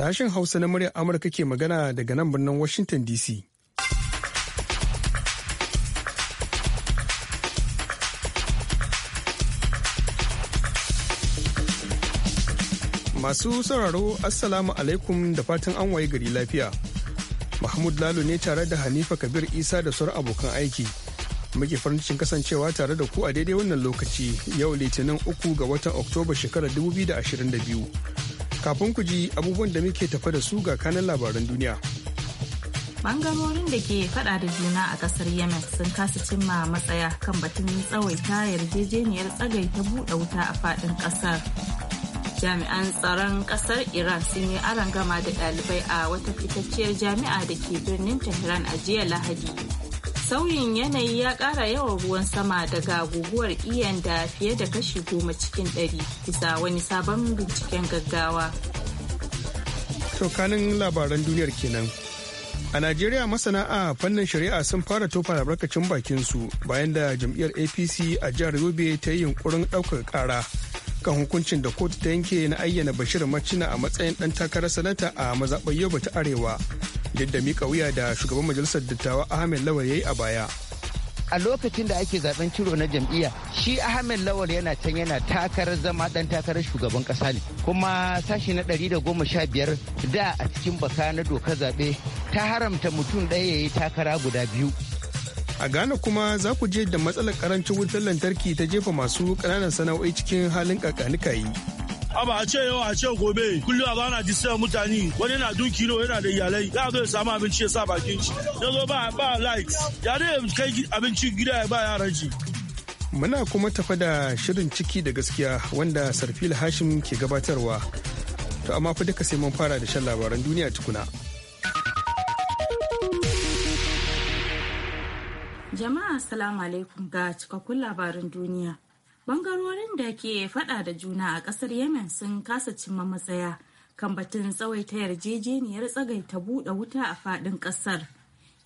Sashen Hausa na muryar Amurka ke magana daga nan birnin Washington DC. Masu sauraro Assalamu alaikum da fatan an waye gari lafiya. Mahmud Lalo ne tare da Hanifa Kabir Isa da sauran abokan aiki. Muke farin cikin kasancewa tare da ku a daidai wannan lokaci yau litinin uku ga watan Oktoba shekarar 2022. Kafin ku ji abubuwan da muke tafa da su ga kanan labaran duniya. Bangarorin da ke fada da juna a kasar Yemen sun kasa cimma matsaya kan batun tsawaita yarjejeniyar tsagai ta buɗe wuta a faɗin ƙasar. Jami'an tsaron ƙasar Iran sun yi aron gama da ɗalibai a wata fitacciyar jami'a da ke birnin Tehran a jiya Lahadi. sauyin yanayi ya kara yawan ruwan sama daga guguwar iyan da fiye da kashi goma cikin ɗari bisa wani sabon binciken gaggawa. Tokanin labaran duniyar kenan. A Najeriya masana a fannin shari'a sun fara tofa albarkacin su bayan da jam'iyyar APC a jihar Yobe ta yi yunkurin ɗaukar ƙara kan hukuncin da kotu ta yanke na ayyana Bashir Macina a matsayin ɗan takarar sanata a mazaɓar Yobe ta Arewa duk da mika wuya da shugaban majalisar dattawa ahmed lawal ya yi a baya a lokacin da ake zaben ciro na jam'iyya shi ahmed lawal yana can yana takarar zama dan takarar shugaban kasa ne kuma sashi na ɗari da goma sha biyar da a cikin baka na dokar zaɓe ta haramta mutum ɗaya ya yi takara guda biyu a ghana kuma za ku je da matsalar karancin wutar lantarki ta jefa masu ƙananan sana'o'i cikin halin kakanikayi Aba a ce yau a ce gobe kullum a bana sayan mutane wani na duki ne yana da iyalai ya zo ya samu abinci ya sa bakin shi. Ya zo ba ba likes ya ne kai abinci gida ya ba yaran shi. Muna kuma tafa da shirin ciki da gaskiya wanda Sarfil Hashim ke gabatarwa. To amma fa duka sai mun fara da shan labaran duniya tukuna. Jama'a Assalamu alaikum ga cikakkun labaran duniya. bangarorin da ke fada da juna a kasar yemen sun kasa cimma matsaya kan batun tsawaita yarjejeniyar tsagaita buɗe wuta a fadin kasar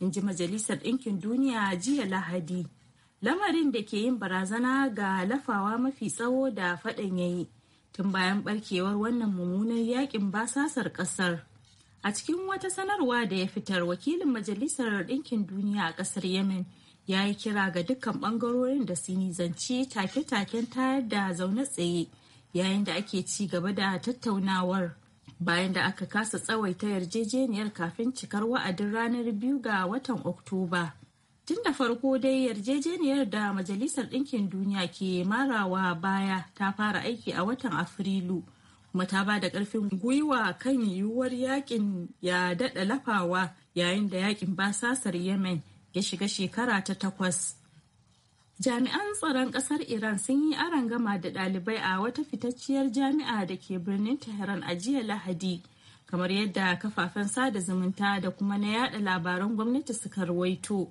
in ji majalisar ɗinkin duniya jiya lahadi lamarin da ke yin barazana ga lafawa mafi tsawo da ya yayi tun bayan barkewar wannan mummunan yakin basasar kasar a cikin wata sanarwa da ya fitar wakilin majalisar ɗinkin duniya a kasar yemen ya yi kira ga dukkan bangarorin da su nizanci take-taken tayar da zaune tsaye yayin da ake ci gaba da tattaunawar bayan da aka kasa tsawaita yarjejeniyar kafin cikar wa'adin ranar biyu ga watan oktoba tun da farko dai yarjejeniyar da majalisar ɗinkin duniya ke marawa baya ta fara aiki a watan afrilu kuma ta ba da ƙarfin gwiwa kan yiwuwar yakin ya daɗa lafawa yayin da yakin basasar yemen ya shiga shekara ta takwas. Jami'an tsaron ƙasar Iran sun yi aron gama da ɗalibai a wata fitacciyar jami'a da ke birnin Tehran a jiya Lahadi, kamar yadda kafafen sada zumunta da kuma na yada labaran gwamnati suka ruwaito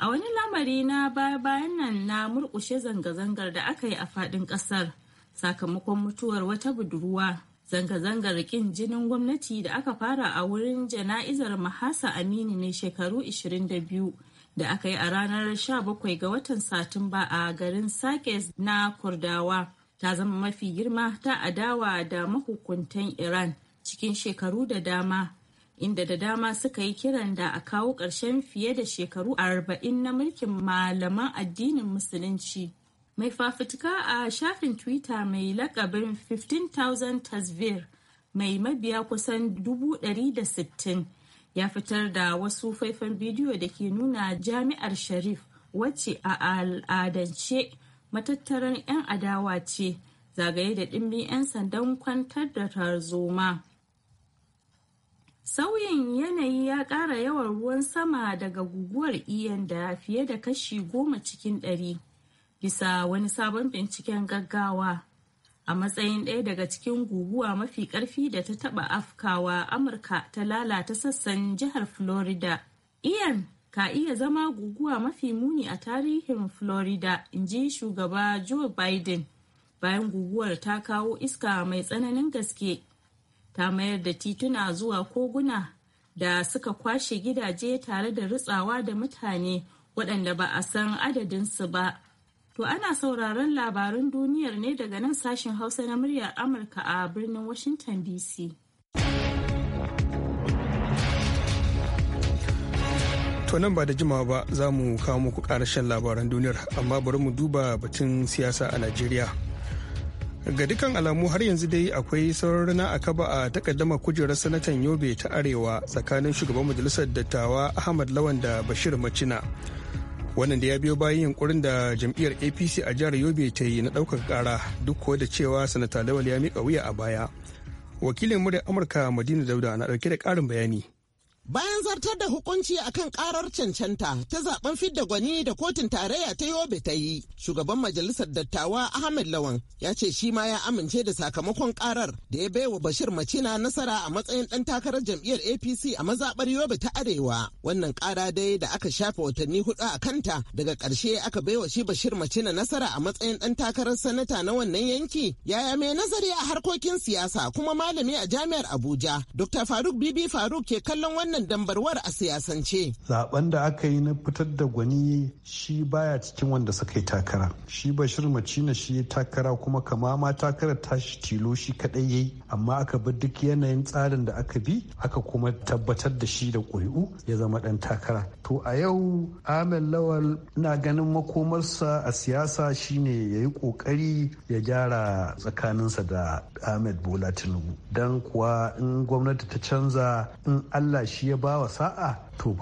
A wani lamari na baya-bayan nan na murƙushe zanga-zangar da aka yi a faɗin ƙasar sakamakon mutuwar wata budurwa Zanga-zangar ƙin jinin gwamnati da aka fara a wurin jana'izar Mahasa aminu ne shekaru 22 da aka yi a ranar 17 ga watan Satumba a garin Sakes na Kurdawa ta zama mafi girma ta adawa da mahukuntan Iran cikin shekaru da dama inda da dama suka yi kiran da a kawo ƙarshen fiye da shekaru 40 na mulkin malaman addinin musulunci. mai fafutuka a shafin twitter mai lakabin 15,000 tasvir mai mabiya kusan 160 ya fitar da wasu faifan bidiyo da ke nuna jami'ar sharif wacce a al'adance matattaran 'yan adawa ce zagaye da ɗimbin 'yan sandan kwantar da tarzoma sauyin yanayi ya ƙara yawan ruwan sama daga guguwar iyan da fiye da kashi goma cikin ɗari bisa wani sabon binciken gaggawa a matsayin ɗaya daga cikin guguwa mafi ƙarfi da ta taɓa afkawa amurka ta lalata sassan jihar florida Iyan ka iya zama guguwa mafi muni a tarihin florida in ji shugaba joe biden bayan guguwar ta kawo iska mai tsananin gaske ta mayar da tituna zuwa koguna da suka kwashe gidaje tare da rutsawa da mutane waɗanda ba a san adadinsu ba To ana sauraron labarun duniyar ne daga nan sashen Hausa na muryar Amurka a birnin Washington DC. To nan ba da jimawa ba za mu kawo muku karashen labaran duniyar amma bari mu duba batun siyasa a Najeriya. Ga dukan alamu har yanzu dai akwai saurarina a kaba a takaddama kujerar sanatan Yobe ta Arewa tsakanin shugaban majalisar dattawa Ahmad Lawan da Bashir Macina. wannan da ya biyo bayan yunkurin da jam'iyyar apc a jihar yobe ta yi na ɗaukaka ƙara duk kuwa da cewa sanata lawal ya mika wuya a baya wakilin murya amurka madina dauda na dauke da ƙarin bayani bayan zartar da hukunci akan karar cancanta ta zaben fidda gwani da kotun tarayya ta yobe ta yi shugaban majalisar dattawa ahmed lawan ya ce shi ma ya amince da sakamakon karar da ya baiwa bashir macina nasara a matsayin dan takarar jam'iyyar apc a mazabar yobe ta arewa wannan kara dai da aka shafa watanni hudu a kanta daga karshe aka baiwa shi bashir macina nasara a matsayin dan takarar sanata na wannan yanki yaya mai nazari a harkokin siyasa kuma malami a jami'ar abuja dr faruk bibi faruk ke kallon wannan wannan dambarwar a siyasance. Zaben da aka yi na fitar da gwani shi baya cikin wanda suka yi takara. Shi Bashir Macina shi ya takara kuma kama ma takarar shi tilo shi kaɗai ya yi amma aka bi duk yanayin tsarin da aka bi aka kuma tabbatar da shi da ƙuri'u ya zama ɗan takara. To a yau Ahmed Lawal na ganin makomarsa a siyasa shine ya yi ƙoƙari ya gyara tsakaninsa da Ahmed Bola Tinubu. Don kuwa in gwamnati ta canza in Allah shi ya ba wa sa'a to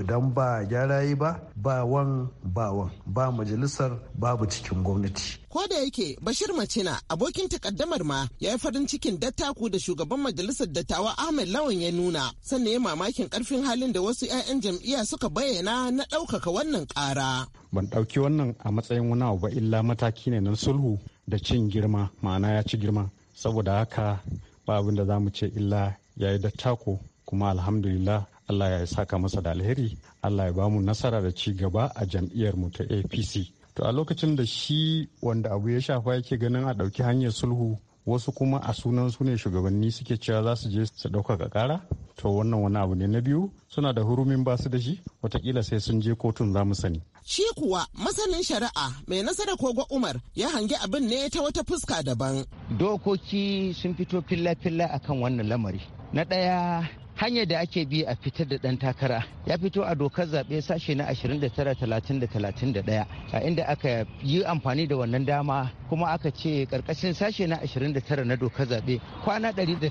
idan ba gyara yi ba ba wan ba wan ba majalisar babu cikin gwamnati. Ko da yake Bashir Macina abokin takaddamar ma ya yi farin cikin dattaku da shugaban majalisar dattawa Ahmed Lawan ya nuna sannan ya mamakin karfin halin da wasu 'ya'yan jam'iyya suka bayyana na ɗaukaka wannan ƙara. Ban ɗauki wannan a matsayin wani abu ba illa mataki ne na sulhu da cin girma ma'ana ya ci girma saboda haka ba abin da za mu ce illa ya yi dattako kuma alhamdulillah allah ya saka masa da alheri allah ya bamu nasara da ci gaba a jam'iyyar mu ta apc to a lokacin da shi wanda abu ya shafa yake ganin a ɗauki hanyar sulhu wasu kuma a sunan su ne shugabanni suke cewa za su je su ga ƙara to wannan wani abu ne na biyu suna da hurumin basu da shi watakila sai sun je kotun za mu sani Shi kuwa masanin shari'a mai nasara kogo Umar ya hangi abin ne ta wata fuska daban. Dokoki sun fito filla-filla akan wannan lamari. Na ɗaya hanyar da ake bi a fitar da ɗan takara ya fito a dokar zaɓe sashe na 29-30-31 a inda aka yi amfani da wannan dama kuma aka ce ƙarƙashin sashe na 29 na dokar zaɓe kwana 180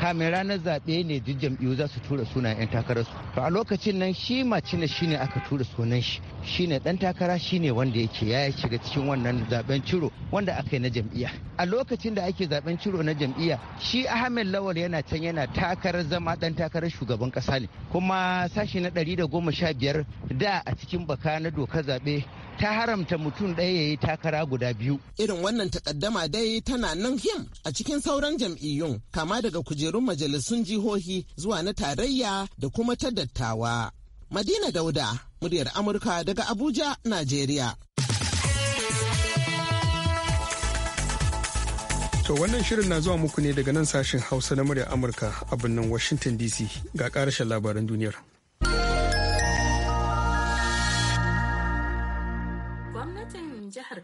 kamin ranar zaɓe ne duk jam'iyyu za su tura sunan 'yan takararsu to a lokacin nan shi macina ne aka tura sunan shi shi ne dan takara shi ne wanda yake ya shiga cikin wannan zaben ciro wanda aka yi na jam'iyya a lokacin da ake zaɓen ciro na jam'iyya shi ahmed lawal yana can yana takarar zama ɗan takarar shugaban kasa ne kuma sashi na ɗari da goma sha biyar da a cikin baka na dokar zaɓe ta haramta mutum ɗaya ya yi takara guda biyu irin wannan takaddama dai tana nan him a cikin sauran jam'iyyun kama daga kujeru kujerun majalisun jihohi zuwa na tarayya da kuma ta dattawa. Madina Dauda, muryar Amurka daga Abuja, Najeriya. To wannan shirin na zuwa muku ne daga nan sashen Hausa na muryar Amurka a birnin Washington DC ga ƙarashin labaran duniyar.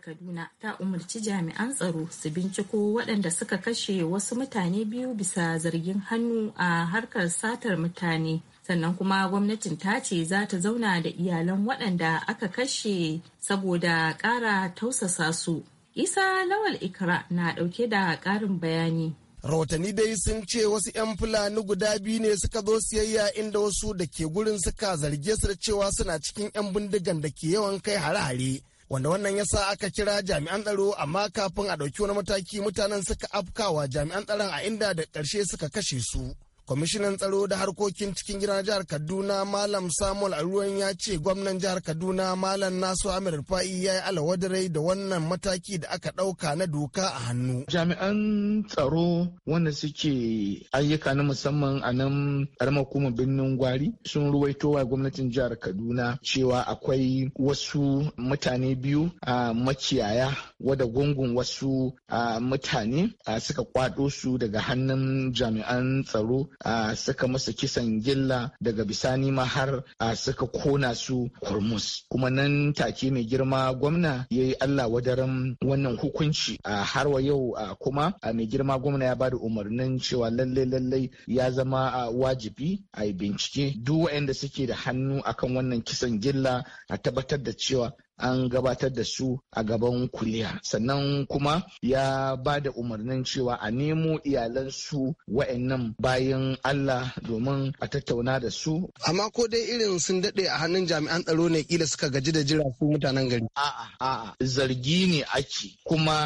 Kaduna ta umarci jami'an tsaro su binciko waɗanda suka kashe wasu mutane biyu bisa zargin hannu a harkar satar mutane. Sannan kuma gwamnatin ta ce za ta zauna da iyalan waɗanda aka kashe saboda ƙara tausasa su. Isa Lawal Ikra na ɗauke da ƙarin bayani. rahotanni dai sun ce wasu 'yan fulani guda biyu ne suka zo siyayya inda wasu da ke gurin suka zarge su da cewa suna cikin 'yan bindigan da ke yawan kai hare-hare wanda wannan ya sa aka kira jami'an tsaro amma kafin a ɗauki wani mataki mutanen suka afkawa jami'an tsaron a inda da ƙarshe suka kashe su kwamishinan tsaro da harkokin cikin gidan jihar kaduna malam samuel aruwan ya ce gwamnan jihar kaduna malam nasu amir rufa'i ya yi alawadarai da wannan mataki da aka ɗauka na doka a hannu jami'an tsaro wanda suke ayyuka na musamman a nan ƙaramar kuma birnin gwari sun ruwaito wa gwamnatin jihar kaduna cewa akwai wasu mutane biyu a makiyaya wada gungun wasu mutane suka kwado su daga hannun jami'an tsaro a suka masa kisan gilla daga bisani ma har a suka kona su kurmus kuma nan take mai girma gwamna ya yi allah wadaran wannan hukunci har harwa yau kuma mai girma gwamna ya bada umarnin cewa lallai lallai ya zama a wajibi a bincike duk waɗanda suke da hannu akan wannan kisan gilla a tabbatar da cewa an gabatar da su a gaban kuliya sannan kuma ya ba da umarnin cewa a nemo iyalansu wa'annan bayan Allah domin a tattauna da su amma ko dai irin sun daɗe a hannun jami'an tsaro ne kila suka gaji da jira su mutanen gari a'a a'a zargi ne ake kuma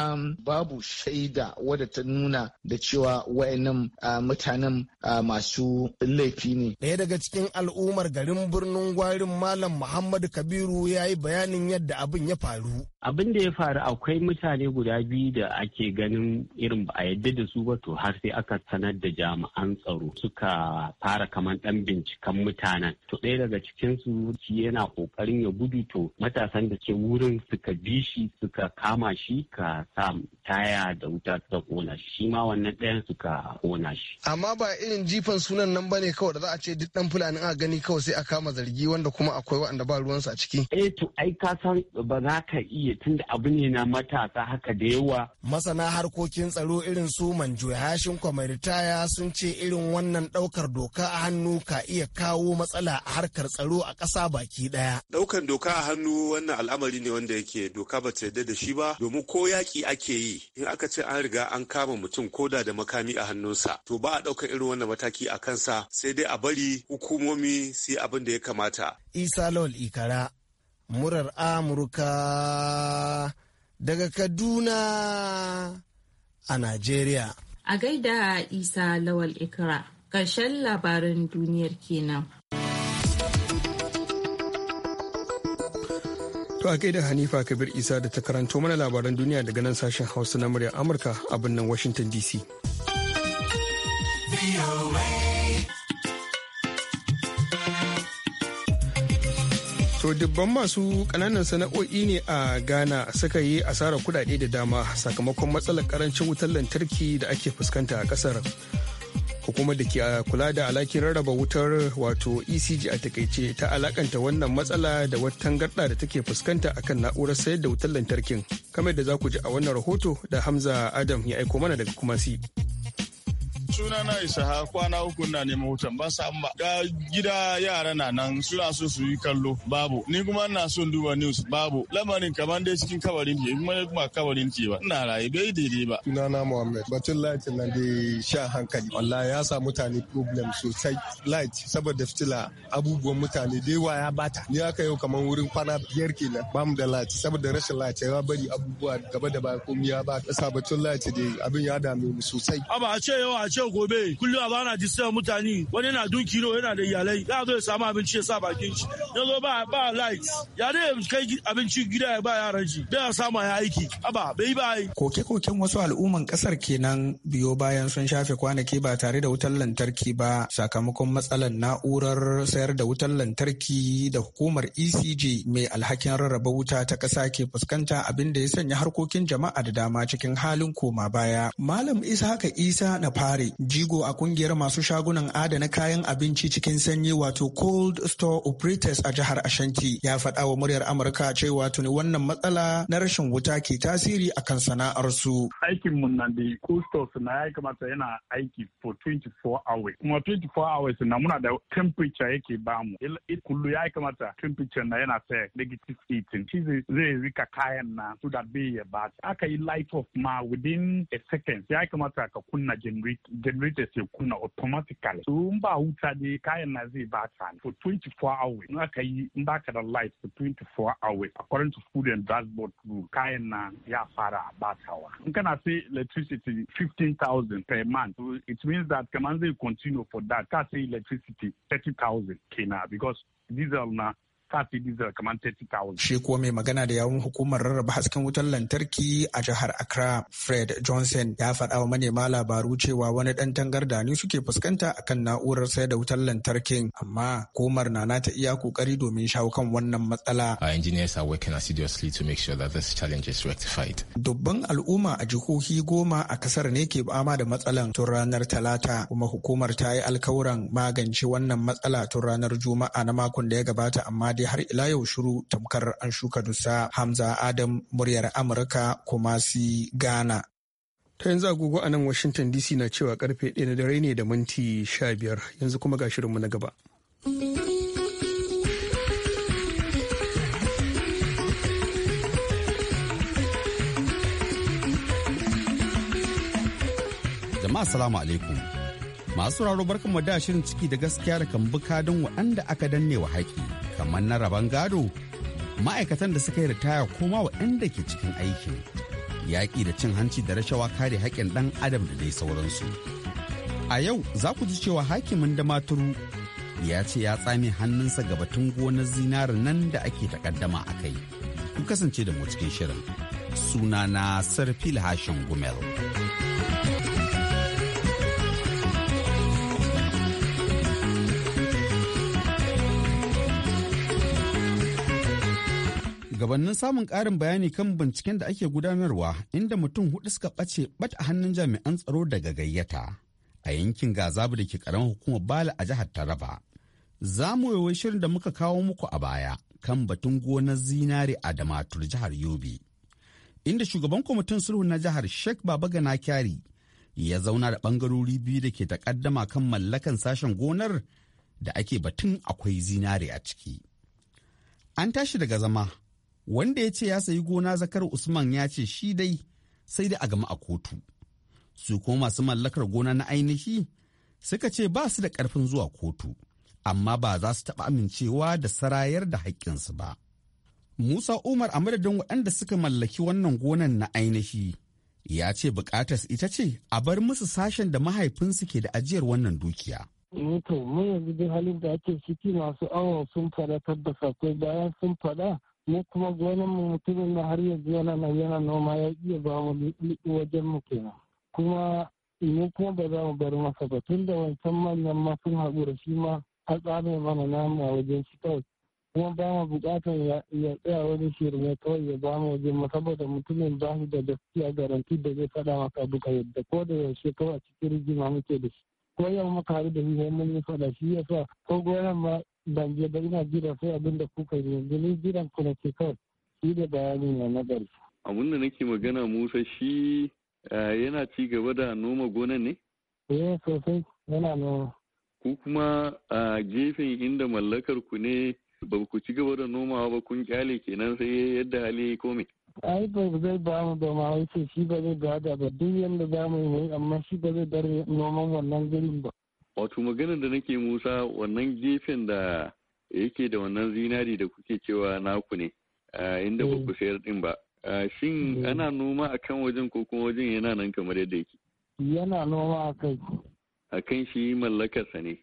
babu shaida wadda ta nuna da cewa wa'annan mutanen masu laifi ne daya daga cikin al'ummar garin birnin gwarin malam muhammadu kabiru ya yi bayanin yadda da abin ya faru abin da ya faru akwai mutane guda biyu da ake ganin irin ba a yadda da su ba to har sai aka sanar da jami'an tsaro suka fara kaman dan binciken mutanen to ɗaya daga cikin su yana kokarin ya gudu to matasan da ke wurin suka bi shi suka kama shi ka sa taya da wuta suka kona shi shi ma wannan ɗayan suka kona shi amma ba irin jifan sunan nan bane kawai da za a ce duk dan fulani a gani kawai sai a kama zargi wanda kuma akwai waɗanda ba ruwansu a ciki eh to ai ka san ba za ka iya tun tunda abu ne na matasa haka da yawa. Masana harkokin tsaro irin su manjo Hashin kwamaritaya sun ce irin wannan ɗaukar doka a hannu ka iya kawo matsala a harkar tsaro a ƙasa baki ɗaya. Ɗaukar doka a hannu wannan al'amari ne wanda yake doka ba ta yarda da shi ba domin ko yaƙi ake yi in aka ce an riga an kama mutum koda da makami a hannunsa to ba a ɗaukar irin wannan mataki a kansa sai dai a bari hukumomi su yi abin da ya kamata. Isa Lawal Ikara murar Amurka daga Kaduna a Najeriya. A gaida Isa Lawal Ikra, ƙarshen labarin duniyar kenan. To a gaida Hanifa Kabir Isa da ta karanto mana labaran duniya daga nan sashen Hausa na muryar Amurka a birnin Washington DC. To dubban masu kananan sana'o'i ne a Ghana suka yi asarar kudade da dama sakamakon matsalar karancin wutar lantarki da ake fuskanta a kasar. Hukumar da ke kula da alakin rarraba wutar wato ECG a takaice ta alakanta wannan matsala da wata tangarɗa da take fuskanta akan na'urar sayar da wutar lantarkin. Kamar da za ku ji a wannan rahoto da Hamza Adam ya aiko mana daga Kumasi. suna na isa ha kwana uku na neman hutan ba sa ba ga gida yara na nan suna so su yi kallo babu ni kuma ina son duba news babu lamarin kamar dai cikin kabarin ke kuma ne kuma kabarin ke ba ina raye bai daidai ba suna na muhammad batun light nan da sha hankali wallahi ya sa mutane problem sosai light saboda fitila abubuwan mutane dai yawa ya bata ni aka yau kamar wurin kwana biyar kenan ba mu da light saboda rashin light ya bari abubuwa gaba da baya komai ya ba batun light dai abin ya dame mu sosai aba a ce yau a ce yau gobe kullum a bana disaya mutane wani na dunki ne yana da iyalai ya zo ya samu abinci ya sa bakin shi ya zo ba ba light ya dai kai abinci gida ya ba yaran shi bai samu ya aiki aba bai ba yi koke-koken wasu al'umman kasar kenan biyo bayan sun shafe kwanaki ba tare da wutar lantarki ba sakamakon matsalar na'urar sayar da wutar lantarki da hukumar ECG mai alhakin rarraba wuta ta ƙasa ke fuskanta abin da ya sanya harkokin jama'a da dama cikin halin koma baya. Malam Isa haka Isa na fare jigo a kungiyar masu shagunan adana kayan abinci cikin sanyi wato cold store operators a jihar Ashanti ya faɗa wa muryar Amurka cewa tuni wannan matsala na rashin wuta ke tasiri a akan sana'arsu. Aikin mun nan da cold stores na ya kamata yana aiki for 24 hours. Kuma 24 hours na muna da temperature yake bamu. Kullu ya kamata temperature na yana ta negative 18. Shi zai rika kayan na so da bai ya ba. Aka yi light off ma within a second ya kamata ka kunna generator generator ke kuna automatically so ba wuta ne kayan na zai ba ta for 24 hours in aka yi in ba ka da light for 24 hours according to food and transport rule kayan na ya fara batawa in kana say electricity 15,000 per month so it means that kaman zai continue for that ka say electricity 30,000 kina because diesel na tafi diesel kamar 30,000. Shi kuwa mai magana da yawun hukumar rarraba hasken wutar lantarki a jihar Accra, Fred Johnson ya faɗa wa manema labaru cewa wani ɗan tangarda ne suke fuskanta akan na'urar sayar da wutar lantarkin amma hukumar na nata iya ƙoƙari domin shawo kan wannan matsala. Our engineers are working assiduously to make sure that this challenge is rectified. Dubban al'umma a jihohi goma a kasar ne ke fama da matsalan tun ranar Talata kuma hukumar ta yi alkawuran magance wannan matsala tun ranar Juma'a na makon da ya gabata amma dai. dai har ila yau shiru tamkar an shuka dusa Hamza Adam muryar Amurka kuma si Ghana. Ta yanzu agogo a nan Washington DC na cewa karfe 1 na dare ne da minti 15 yanzu kuma ga shirinmu na gaba. Jama'a salamu alaikum. Masu raro barkan da shirin ciki da gaskiya da kan bi kadin waɗanda aka danne wa haƙi. kamar na rabon gado ma'aikatan da suka yi ritaya koma wa ke cikin aikin yaƙi da cin hanci da rashawa kare haƙƙin ɗan adam da dai sauransu a yau za ku ji cewa hakimin da maturu ya ce ya tsame hannunsa ga batun gonar zinarin nan da ake takaddama a kai ku kasance da mu cikin shirin sunana sarfil hashin gumel. Shugabannin samun ƙarin bayani kan binciken da ake gudanarwa inda mutum hudu suka ɓace bat a hannun jami'an tsaro daga gayyata a yankin gazabu da ke karamar hukumar bala a jihar taraba za mu yi shirin da muka kawo muku a baya kan batun gonar zinare a damatur jihar yobe inda shugaban kwamitin sulhu na jihar sheikh gana kyari ya zauna da ɓangarori biyu da ke takaddama kan mallakan sashen gonar da ake batun akwai zinare a ciki. An tashi daga zama wanda ya ce ya sayi gona zakar usman ya ce shi dai sai da a gama a kotu su kuma masu mallakar gona na ainihi suka ce ba su da karfin zuwa kotu amma ba za su taɓa amincewa da sarayar da haƙƙinsu ba musa umar a madadin waɗanda suka mallaki wannan gonan na ainihi ya ce buƙatar ita ce a bar musu sashen da mahaifinsu ke da ajiyar wannan dukiya mutum eh mun yanzu dai halin da ake ciki masu awon sun fada tabbasa ko bayan sun fada mu kuma gonan mu mutumin da har yanzu yana nan yana noma ya iya ba mu wajen mu kenan kuma mu kuma ba za mu bar masa ba tun da wancan manyan ma sun haƙura shi ma har tsarin mana namu a wajen shi kawai kuma ba mu buƙatar ya tsaya wani shirme kawai ya ba mu wajen mu saboda mutumin ba shi da gaskiya garanti da zai faɗa maka duka yadda ko da yaushe kawai a cikin rigima muke da shi ko yau muka haɗu da shi sai mun yi faɗa shi ya sa ko gonan ma ban je ba ina jira sai abin da kuka yi yanzu ni jiran ku nake kawai shi da bayani na nagari. abin da nake magana musa shi eh, yana ci gaba da noma gonan ne? eh sosai yana noma. ku kuma a gefen inda mallakar ku ne ba ku ci gaba da nomawa ba kun kyale kenan sai yadda hali ya kome. ai ba zai ba mu ba ma wai shi ba zai ba da ba duk yadda za mu yi amma shi ba zai bar noman wannan gurin ba. wato maganar da nake musa wannan gefen da yake da wannan zinari da kuke cewa naku ne inda ba ku mm. sayar din ba shin mm. ana noma a kan wajen ko kuma wajen yana nan kamar yadda yake yana noma a kai a kan shi mallakarsa ne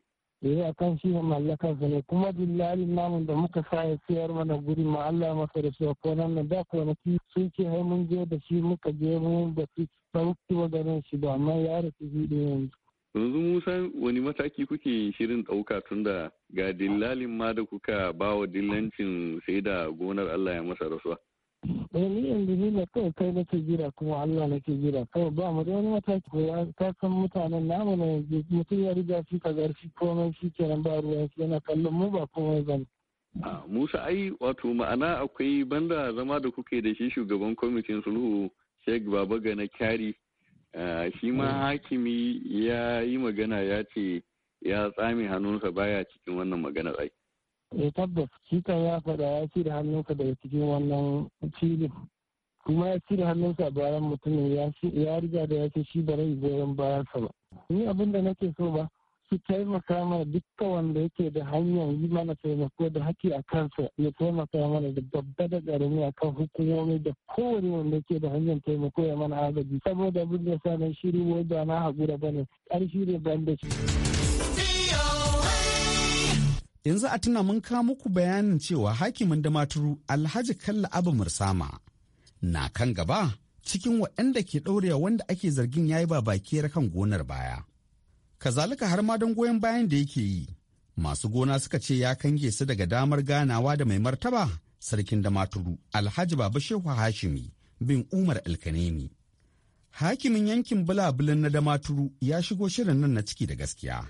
eh a kan shi mallakarsa ne kuma dillali namun da muka sa ya sayar mana guri ma Allah masa da su ko nan da kwanaki sun ce mun je da shi muka je mun ba su sauki wa garin shi ba amma ya rasu shi da yanzu yanzu musa wani mataki kuke shirin ɗauka tun da ga dillalin ma da kuka ba wa dillancin sai da gonar allah ya masa rasuwa eh ni yanzu ni na kawai kai nake jira kuma allah nake jira kawai ba mu wani mataki ko ya san mutanen namu na yanzu mutum ya riga shi ka garfi komai shi kenan ba ruwan shi yana kallon mu ba komai ba musa ai wato ma'ana akwai banda zama da kuke da shi shugaban kwamitin sulhu sheikh babaga na kyari Eh, shi ma hmm. hakimi ya yi magana ya ce ya tsami hannunsa baya cikin wannan magana ai eh tabbas shi kan ya faɗa ya da hannunsa daga cikin wannan filin kuma ya da hannunsa bayan mutumin ya riga da ya ce shi ba rai goyon sa ba ni abin da nake so ba su taimaka mana duka wanda yake da hanyar yi mana taimako da haƙƙi a kansa ya taimaka mana da babba da ƙarami a kan hukumomi da kowane wanda yake da hanyar taimako ya mana agaji saboda abin da sa nan shiri ba na haƙura bane ƙarshi ne ban da shi. yanzu a tuna mun kawo muku bayanin cewa hakimin da maturu alhaji kalla abu mursama na kan gaba cikin waɗanda ke ɗaurewa wanda ake zargin yayi ba bakiyar kan gonar baya kazalika har ma don goyon bayan da yake yi masu gona suka ce ya kange su daga damar ganawa da mai martaba sarkin da maturu alhaji baba shehu hashimi bin umar alkanemi hakimin yankin bulabulin na damaturu ya shigo shirin nan na ciki da gaskiya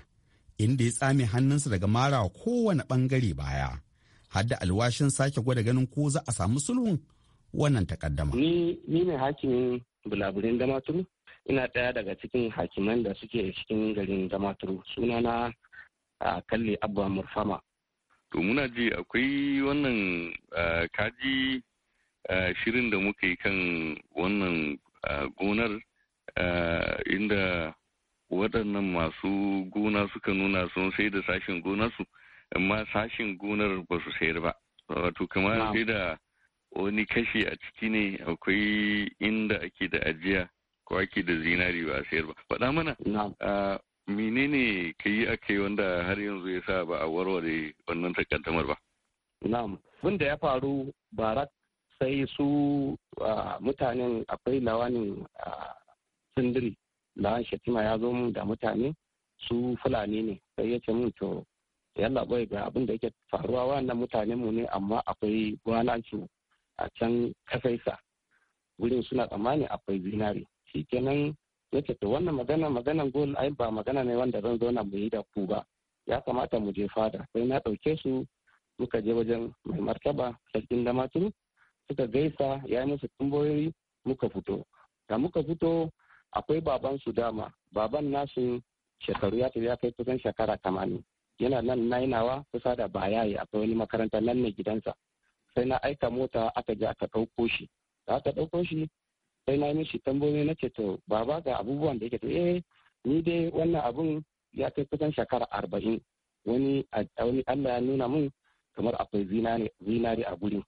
inda ya tsame hannunsa daga mara kowane bangare baya har da alwashin sake gwada ganin ko za a samu sulhun wannan takaddama. Ni, ni ne hakimin da damaturu ina ɗaya daga cikin hakiman da suke cikin garin damaturu sunana a kalle abba murfama to muna ji akwai wannan kaji shirin da muka yi kan wannan gonar inda waɗannan masu gona suka nuna sun sai da sashen gonarsu amma sashen gonar ba su sayar ba wato kamar sai da wani kashi a ciki ne akwai inda ake da ajiya ko ake da zinari ba a sayar ba faɗa mana menene ka yi ake wanda har yanzu ya sa ba a warware wannan takaddamar ba na'am abin da ya faru barak sai su mutanen akwai lawanin sindiri lawan shatima ya zo mun da mutane su fulani ne sai ya ce to yalla bai ga abin da yake faruwa wannan mutanen mu ne amma akwai gwananci a can kasaisa wurin suna tsammani akwai zinari shikenan ya wannan magana magana gol ai ba magana ne wanda zan zauna mu yi da ku ba ya kamata mu je fada sai na ɗauke su muka je wajen mai martaba sarkin da matu suka gaisa ya yi musu tambayoyi muka fito da muka fito akwai baban su dama baban nasu shekaru ya ya kai kusan shekara tamanin yana nan na nawa kusa da bayayi akwai wani makaranta nan ne gidansa sai na aika mota aka je aka ɗauko shi da aka ɗauko shi sai na mishi tambayoyi na ce to baba ga abubuwan da yake to eh ni dai wannan abun ya kai kusan shekara arba'in wani wani Allah ya nuna mun kamar akwai zinari a guri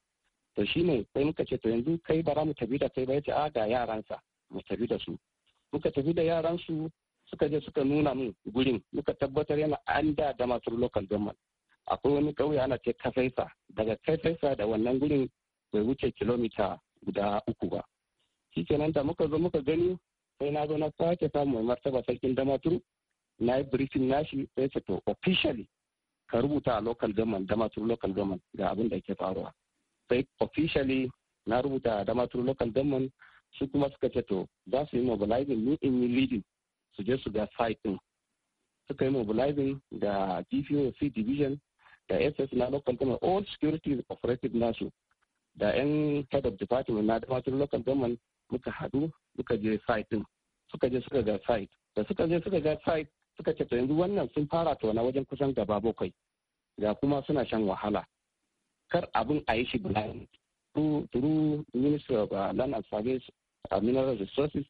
to shine sai muka ce to yanzu kai bara mu tafi da kai ba yace a ah, ga yaransa mu tafi da su muka tafi da yaran suka je suka nuna mun gurin muka tabbatar yana an da da masu local government akwai wani kauye ana ce kafaisa daga kafaisa da wannan gurin bai wuce kilomita guda uku ba kenan da muka zo muka gani sai na zo na sake samu mai martaba sarkin damaturu na yi briefing nashi sai ce to officially ka rubuta a local government damaturu local government ga abin da ke faruwa sai officially na rubuta a damaturu local government su kuma suka ce to za su yi mobilizing ni in yi leading su je su ga site din suka yi mobilizing da DPOC division da SS na local government all security operative nasu da yan head of department na damaturu local government muka haɗu muka je site din suka je suka ga site da suka je suka ga site suka ce to yanzu wannan sun fara tona wajen kusan gaba bakwai ga kuma suna shan wahala kar abin a yi shi blind through minister of uh, land and service uh, mineral resources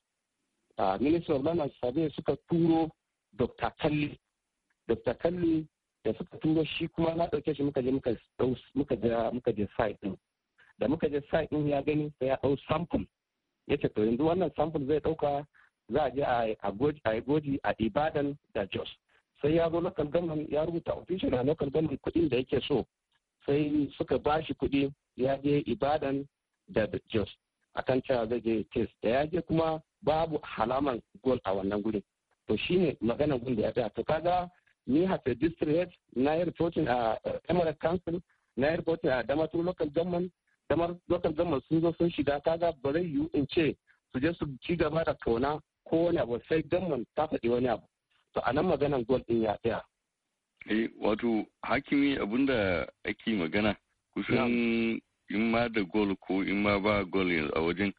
uh, minister of land and service suka turo dr kalli dr kalli da suka turo shi kuma na ɗauke shi muka je muka je site din da muka je site din ya gani sai ya ɗau sample Yace to yanzu wannan sample zai ɗauka za a je a yi goji a ibadan da jos sai ya zo local government ya rubuta official a local government kuɗin da yake so sai suka ba shi kuɗi ya je ibadan da jos akan cewa zai je test da ya je kuma babu halaman gol a wannan guri to shine maganan gun da ya tsaya to kaga ni hafe district na yi reporting a emirate council na yi reporting a damatu local government kamar local zama sun zo sun shiga ga bare yiwu in ce su je su ci gaba da tona ko wani abu sai government ta faɗi wani abu to a nan maganan gol din ya tsaya. eh wato hakimi abinda ake magana kusan in ma da gol ko in ma ba gol a wajen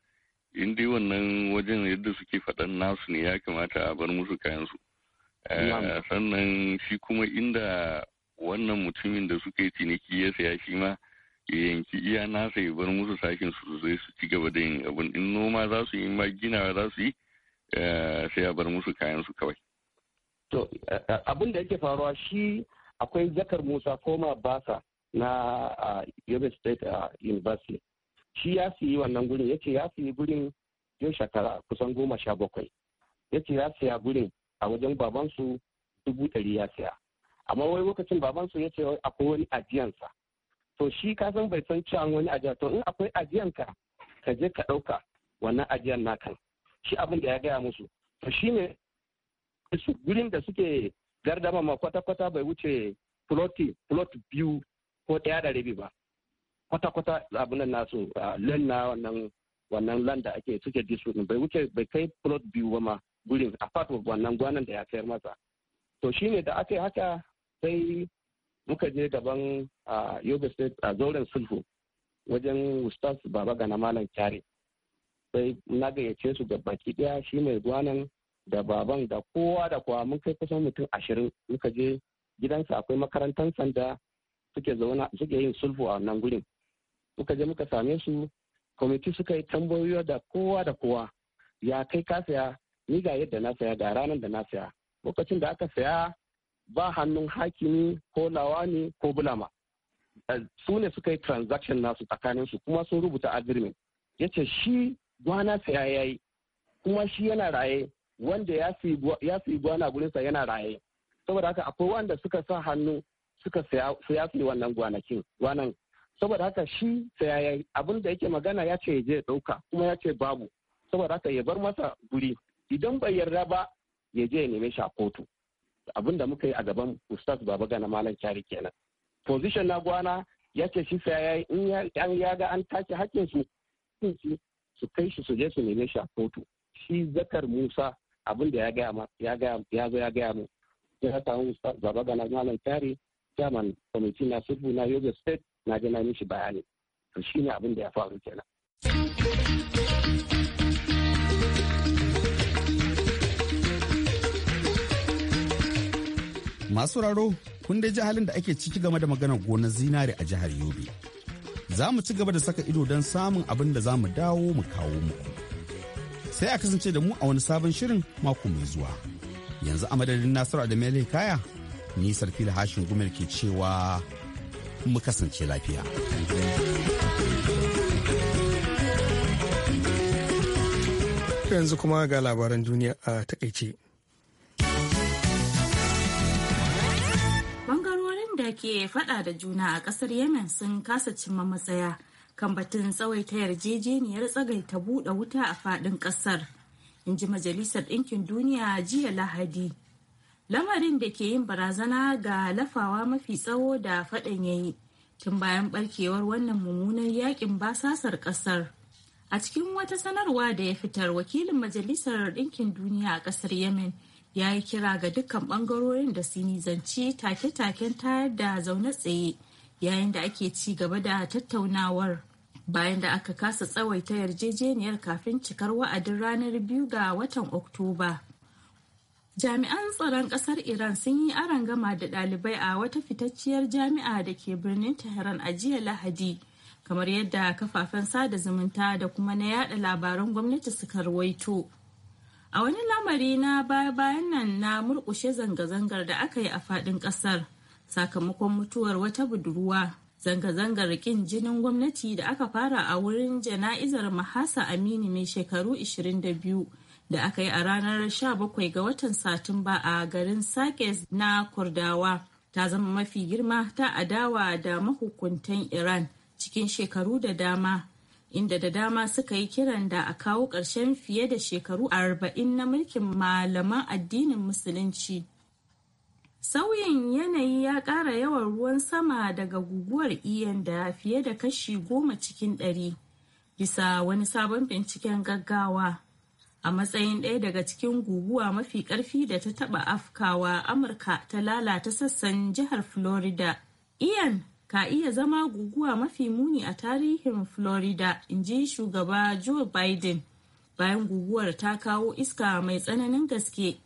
in dai wannan wajen yadda suke faɗan nasu ne ya kamata a bar musu kayansu eh, sannan shi kuma inda wannan mutumin da suka yi ciniki ya saya shi ma yanki iya nasa ya bar musu sakin su zai su ci gaba da yin abin in noma za su yi ma ginawa za su yi eh, sai ya bar musu kayan su kawai. To eh, abin da yake faruwa shi akwai zakar Musa koma basa na eh, Yobe State University. Shi ya siyi wannan gurin Yake ya siyi gurin yau shekara kusan goma sha bakwai. Yake ya siya gurin a wajen babansu dubu ɗari ya siya. Amma wai lokacin babansu ce akwai wani ajiyansa. to shi ka san bai san cewa wani ajiya to in akwai ajiyan ka ka je ka ɗauka wannan ajiyan naka shi abin da ya gaya musu to shi ne su gurin da suke gardama ma kwata-kwata bai wuce plot biyu ko daya da rabi ba kwata-kwata abin nan nasu len na wannan wannan land da ake suke dispute bai wuce bai kai plot biyu ba ma gurin a part of wannan gwanan da ya sayar masa to shine da aka haka sai muka je gaban yoga state a zauren sulhu wajen ustaz baba ga na malam kyare sai na gayyace su da baki daya shi mai gwanan da baban da kowa da kowa mun kai kusan mutum ashirin muka je gidansa akwai makarantar sanda suke zauna suke yin sulhu a wannan gurin muka je muka same su kwamiti suka yi tambayoyi da kowa da kowa ya kai ka saya ni ga yadda na saya ga ranar da na saya lokacin da aka saya ba hannun hakimi ko lawa ko bulama eh, su ne suka yi transaction nasu tsakanin su kuma sun rubuta agreement ya ce shi gwana ta ya yi kuma shi yana raye wanda ya fi gwana gurinsa yana raye saboda haka akwai wanda suka sa hannu suka saya fi wannan gwanakin gwanan saboda haka shi saya ya yi abin da yake magana ya ce je dauka kuma ya ce babu saboda haka ya bar masa guri idan bai yarda ba ya je ya neme shi a kotu abin da muka yi a gaban ustaz baba gana malam kyari kenan position na gwana ya ce shi sai yayi in ya ga an take hakkin su su kai shi su je su neme shi a kotu shi zakar musa abin da ya gaya ma ya ga ya zo ya gaya mu ya ustaz baba gana malam kyari chairman kwamiti na sibu na yoga state na ga na mishi bayani to shine abin da ya faru kenan Masu raro, kun dai ji halin da ake ciki game da maganar gonar zinari a jihar Yobe. Za mu ci gaba da saka ido don samun abin da za mu dawo mu kawo muku. Sai a kasance da mu a wani sabon shirin mako mai zuwa. Yanzu a madadin Nasiru da Mele Kaya, ni da Hashin Gumel ke cewa mu kasance lafiya. Yanzu kuma ga labaran duniya a takaice. da ke fada da juna a kasar yemen sun kasa cimma matsaya kan batun tsawaita yarjejeniyar tsagaita buɗe wuta a faɗin ƙasar in ji majalisar ɗinkin duniya jiya lahadi lamarin da ke yin barazana ga lafawa mafi tsawo da fadan yayi tun bayan barkewar wannan mummunan yakin basasar ƙasar a cikin wata sanarwa da ya fitar wakilin majalisar ɗinkin duniya a ƙasar yemen ya yi kira ga dukkan bangarorin da su nizanci take-taken tayar da zaune tsaye yayin da ake ci gaba da tattaunawar bayan da aka kasa tsawaita yarjejeniyar kafin cikar wa'adin ranar biyu ga watan oktoba jami'an tsaron kasar iran sun yi aron gama da ɗalibai a wata fitacciyar jami'a da ke birnin tehran a jiya lahadi kamar yadda kafafen sada zumunta da kuma na yada labaran gwamnati suka ruwaito. a wani lamari na baya-bayan nan na murkushe zanga-zangar da aka yi a fadin kasar sakamakon mutuwar wata budurwa zanga-zangar kin jinin gwamnati da aka fara a wurin jana'izar mahasa amini mai shekaru 22 da aka yi a ranar 17 ga watan satumba a garin sakes na kurdawa ta zama mafi girma ta adawa da mahukuntan iran cikin shekaru da dama inda da dama suka yi kiran da a kawo ƙarshen fiye da shekaru arba'in na mulkin malaman addinin musulunci sauyin yanayi ya ƙara yawan ruwan sama daga guguwar iyan da fiye da kashi goma cikin ɗari bisa wani sabon binciken gaggawa a matsayin ɗaya daga cikin guguwa mafi ƙarfi da ta taɓa afkawa amurka ta lalata sassan jihar florida ian ka iya zama guguwa mafi muni a tarihin Florida, in ji shugaba Joe Biden bayan guguwar ta kawo iska mai tsananin gaske.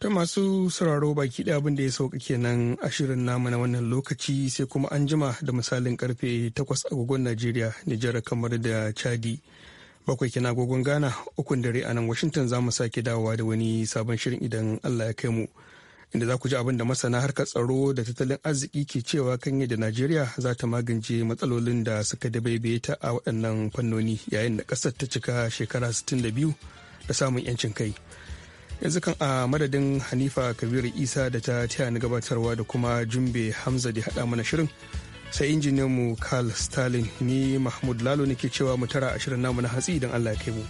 Ta masu sauraro baki ɗaya abin ya sauka kenan ashirin namu na wannan lokaci sai kuma an jima da misalin karfe 8 agogon Najeriya, Nijar kamar da Chadi. Bakwai kina agogon Ghana, ukun dare a nan Washington za mu sake dawowa da wani sabon shirin idan Allah ya kai mu. inda za ku ji abin da masana harkar tsaro da tattalin arziki ke cewa kan yadda najeriya za ta magance matsalolin da suka dabaibaye ta a waɗannan fannoni yayin da ƙasar ta cika shekara 62 da samun 'yancin kai yanzu kan a madadin hanifa kabiru isa da ta taya ni gabatarwa da kuma jumbe hamza da haɗa mana shirin sai injiniyanmu carl stalin ni mahmud lalo ne ke cewa mu tara shirin namu na hatsi idan allah ya kai mu.